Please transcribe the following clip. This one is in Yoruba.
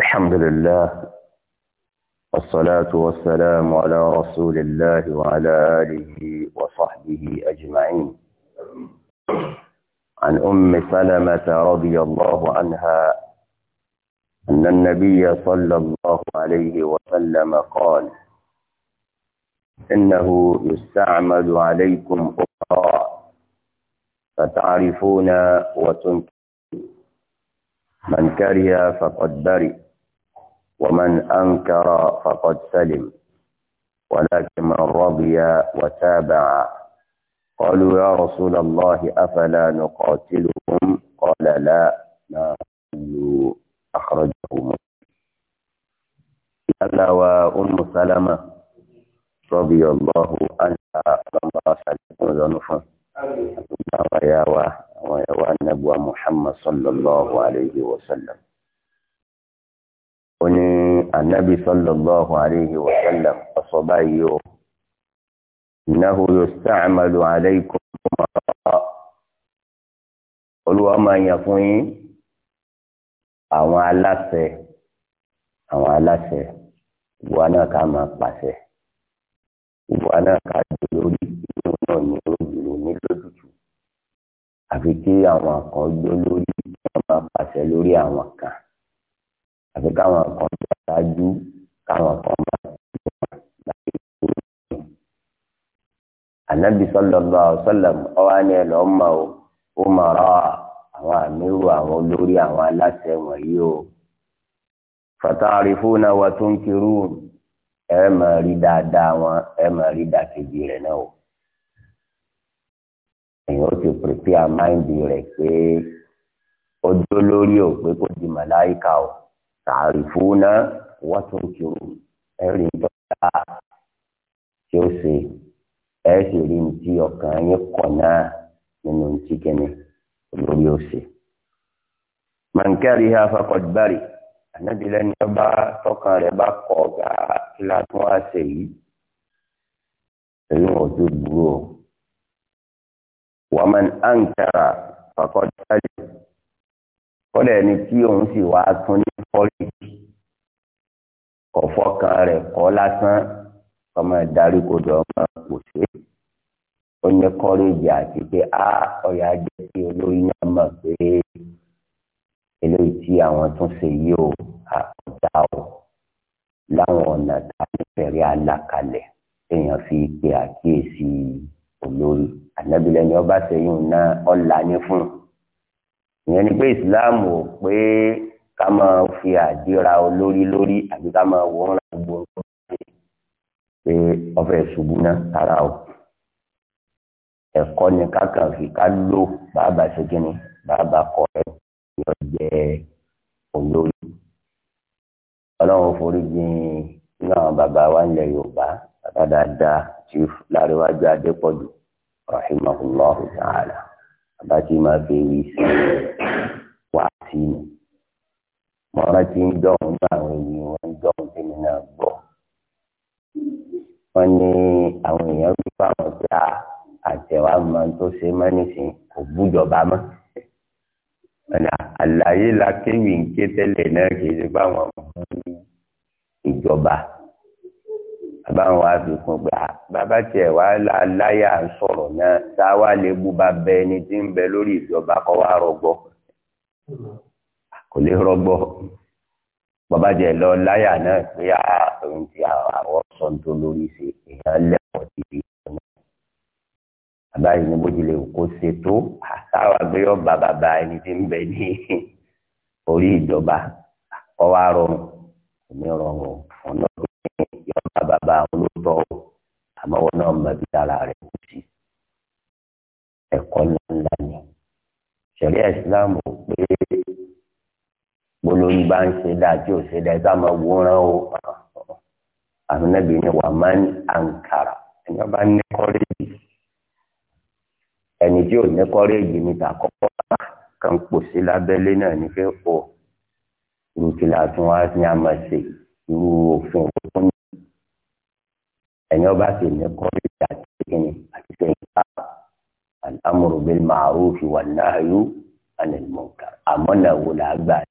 الحمد لله والصلاة والسلام على رسول الله وعلى آله وصحبه أجمعين عن أم سلمة رضي الله عنها أن النبي صلى الله عليه وسلم قال إنه يستعمل عليكم أخرى فتعرفون وتنكرون من كره فقد برئ ومن أنكر فقد سلم ولكن من رضي وتابع قالوا يا رسول الله أفلا نقاتلهم قال لا ما أخرجه مسلم وأم سلمة رضي الله عنها الله سلمة ذنفا الله يا واحد àwọn ẹ̀wà nẹ́bùwà Muhammad sallallahu alayhi wa sallam ó ní anabi sallallahu alayhi wa sallam ọsọ báyìí o innahu yusta'malu alaykum olúwa máa yàn fún yín àwọn aláṣẹ àwọn aláṣẹ ìwà náà ká máa pàṣẹ ìwà náà ká jẹ lórí ìwà náà ní àfi kí àwọn kan gbé lórí wọn máa pàṣẹ lórí àwọn kan àfi káwọn kan ṣáájú káwọn kan máa tẹ̀lé wọn láti kú. ànábì sallallahu alaihi wasallam ọwọ́ ni ẹ lọ́ọ́ mọ̀ o ó mọ̀ ọ́ àwọn àmírù àwọn olórí àwọn aláṣẹ wọ̀nyí o fatarifuna wa tunkirun ẹ máa rí dáadáa wọn ẹ máa rí dàkejì rẹ̀ náà o ti prepare mind rẹ̀ pé ọjọ́ lórí ò pé kó di màláìka o tààrí fún náà wọ́n tún kí o ẹ̀rí dọ́là tí ó ṣe ẹ̀ sì rí ní ti ọkàn yín kọ̀ náà nínú ti kẹ́ni olórí ó ṣe. mọ̀nkẹ́rì ha fakọ̀dì bari ànábìlẹ̀ ní ọba tọkàn rẹ̀ bá kọ̀ ọ̀gá kí la tún wá ṣe yìí. èyí ò tún burú wàmán ankara fàkọ́tàlì kọ́dà ẹni tí òun sì wá tún ní fọ́lìkì ọ̀fọ́kan rẹ̀ kọ́ lásán ọmọ ìdarí kodò ọmọ kò sí àti pé á ọ̀yà jẹ́ kí olórí náà mọ̀ pé eléyìí tí àwọn tún ṣe yìí ó àkọjá o láwọn ọ̀nà tá a ń fẹ̀rí alákalẹ̀ èèyàn fi pe àkíyèsí yìí olórí ànábìlẹ̀ ni ọba sẹ́yìn náà ọ̀la ní fún ìyẹn ni pé islam ò pé ká máa fi àdíra olórí lórí àbí ká máa wọ́n ra gbogbo nǹkan pé ọfẹ́ ṣubú náà tara o ẹ̀kọ́ ni kákan fi ká lò bàbá ṣe bàbá kọ ẹ̀ yọ jẹ́ olórí ọlọ́run forí gbin náà bàbá wa ń lẹ yorùbá bàbá dáadáa. Chief Lárẹ̀wájú Adépọ̀jù rahimahullahu ta'ala abájí máa fi wí sí wá sí mi mo rántí ń dọ̀hún bá àwọn èèyàn wọn ń dọ̀hún tèmi náà gbọ́ wọn ní àwọn èèyàn rí fáwọn tí a ah, àtẹ̀wá máa tó ṣe mọ́ nísìnyí kò gbújọba mọ́ àlàyé la kéwì ń ké tẹ́lẹ̀ náà kì í ṣe báwọn ìjọba báwọn wá fi kún gbà ah, bàbá tiẹ̀ wá láyà ń sọ̀rọ̀ náà tá a wá lè bú bá bẹ ẹni tí ń bẹ lórí ìjọba kọ́ wá rọgbọ kò lè rọgbọ bàbá tiẹ̀ lọ láyà náà pé ah, àwọn ti àwọn sọ̀ǹtò lórí ṣe èèyàn lẹ́kọ̀ọ́ ti fi kún bàbá yìí ni bójúlẹ̀ kó ṣe tó àtàwọn ah, agbẹ́yọ̀ bá bàbá ẹni tí ń bẹ ní orí ìjọba kọ́ wá rọrùn èmi rọrùn ọ̀nà bàbá àwọn olóòótọ́ o àmọ́ wọn náà mọ̀ bí ara rẹ̀ kù sí ẹ̀kọ́ ńlá ni ṣẹ̀rí ẹ̀sìláàmù pé gbólórí bá ń ṣe dáa tí ò ṣe dáa ká máa wòran o àwọn ẹbí ni wà máa ń ankara ẹni ọba ní kọ́rẹ́jì ẹni tí ò ní kọ́rẹ́jì ní tàkọ́kọ́ kan pò sí lábẹ́lé náà ní fẹ́ pọ̀ irú kí la tún wá ní àmọ́ ṣe irú òfin òkú ẹni ọba sì ní kọ́rí àti kíni àti sẹ́yìn ká al-amru bil ma'rufi wan nahyu anil àmọ́ náà wò lágbàá